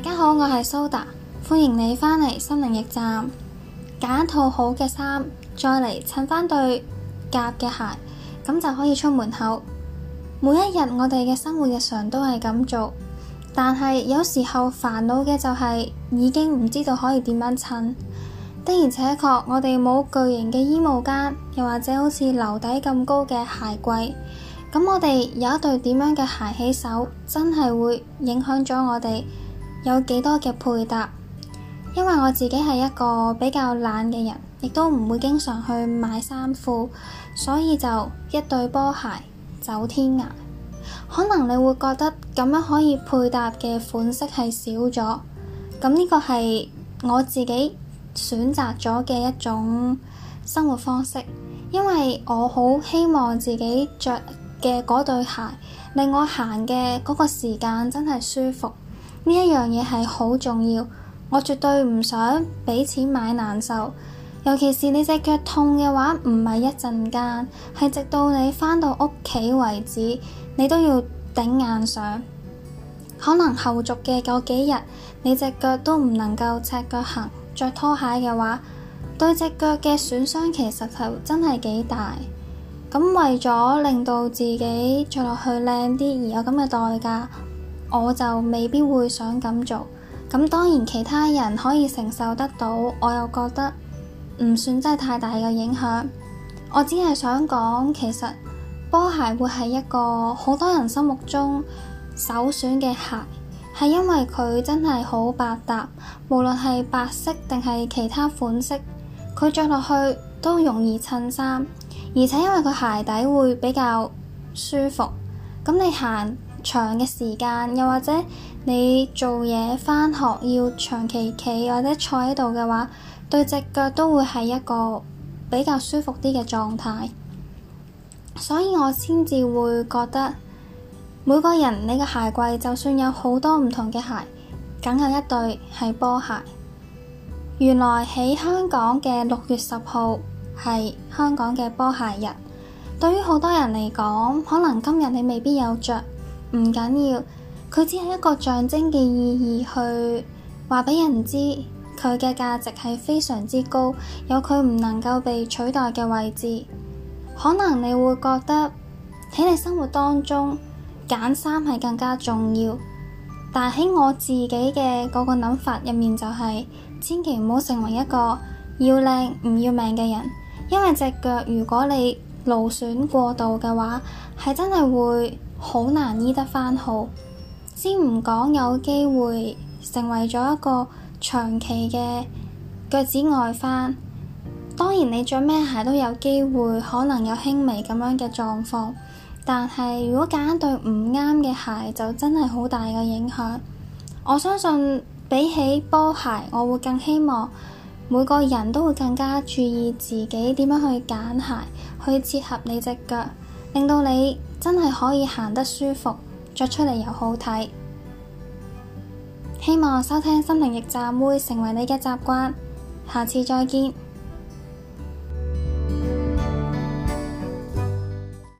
大家好，我係蘇打，歡迎你返嚟心靈驛站。揀一套好嘅衫，再嚟襯翻對夾嘅鞋，咁就可以出門口。每一日我哋嘅生活日常都係咁做，但係有時候煩惱嘅就係已經唔知道可以點樣襯。的而且確，我哋冇巨型嘅衣帽間，又或者好似樓底咁高嘅鞋櫃，咁我哋有一對點樣嘅鞋起手，真係會影響咗我哋。有幾多嘅配搭？因為我自己係一個比較懶嘅人，亦都唔會經常去買衫褲，所以就一對波鞋走天涯。可能你會覺得咁樣可以配搭嘅款式係少咗，咁呢個係我自己選擇咗嘅一種生活方式。因為我好希望自己着嘅嗰對鞋令我行嘅嗰個時間真係舒服。呢一樣嘢係好重要，我絕對唔想俾錢買難受。尤其是你隻腳痛嘅話，唔係一陣間，係直到你返到屋企為止，你都要頂硬上。可能後續嘅嗰幾日，你隻腳都唔能夠赤腳行，着拖鞋嘅話，對隻腳嘅損傷其實就真係幾大。咁為咗令到自己着落去靚啲，而有咁嘅代價。我就未必會想咁做咁，當然其他人可以承受得到。我又覺得唔算真係太大嘅影響。我只係想講，其實波鞋會係一個好多人心目中首選嘅鞋，係因為佢真係好百搭，無論係白色定係其他款式，佢着落去都容易襯衫，而且因為佢鞋底會比較舒服，咁你行長嘅時間，又或者你做嘢返學要長期企或者坐喺度嘅話，對隻腳都會係一個比較舒服啲嘅狀態。所以我先至會覺得每個人你個鞋櫃，就算有好多唔同嘅鞋，梗有一對係波鞋。原來喺香港嘅六月十號係香港嘅波鞋日。對於好多人嚟講，可能今日你未必有着，唔緊要，佢只係一個象徵嘅意義去，去話畀人知佢嘅價值係非常之高，有佢唔能夠被取代嘅位置。可能你會覺得喺你生活當中揀衫係更加重要，但喺我自己嘅嗰個諗法入面就係、是、千祈唔好成為一個要靚唔要命嘅人，因為隻腳如果你勞損過度嘅話，係真係會。好難醫得返好，先唔講有機會成為咗一個長期嘅腳趾外翻。當然你着咩鞋都有機會，可能有輕微咁樣嘅狀況。但係如果揀對唔啱嘅鞋，就真係好大嘅影響。我相信比起波鞋，我會更希望每個人都會更加注意自己點樣去揀鞋，去切合你隻腳。令到你真係可以行得舒服，着出嚟又好睇。希望收聽心靈驛站會成為你嘅習慣，下次再見。